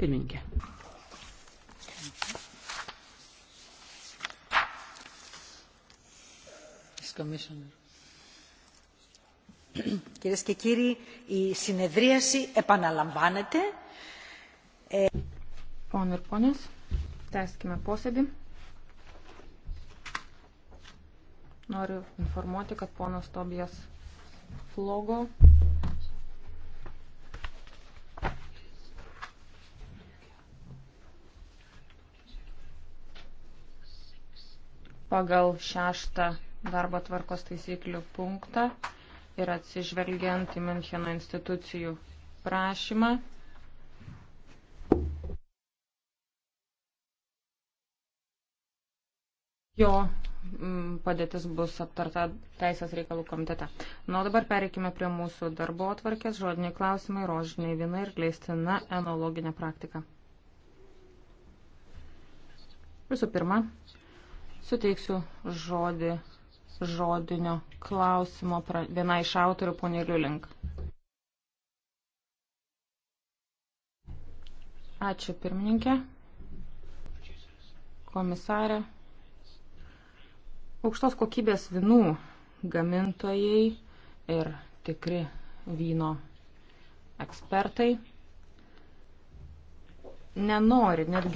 pirmininkė. Κυρίες και κύριοι, η συνεδρίαση επαναλαμβάνεται. Πόνοι ir ponios, tęskime posėdį. Noriu informuoti, kad ponas Tobijas Flogo pagal šeštą darbo tvarkos taisyklių punktą ir atsižvelgiant į Müncheno institucijų prašymą. Jo mm, padėtis bus aptarta Teisės reikalų komitete. Na, o dabar pereikime prie mūsų darbo atvarkės, žodiniai klausimai, rožiniai vina ir leistina enologinė praktika. Visų pirma, Suteiksiu žodį žodinio klausimo pra, viena iš autorių, ponė Liulink. Ačiū pirmininkė, komisarė. Aukštos kokybės vinų gamintojai ir tikri vyno ekspertai nenori netgi